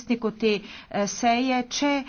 podpisniku te eh, seje, če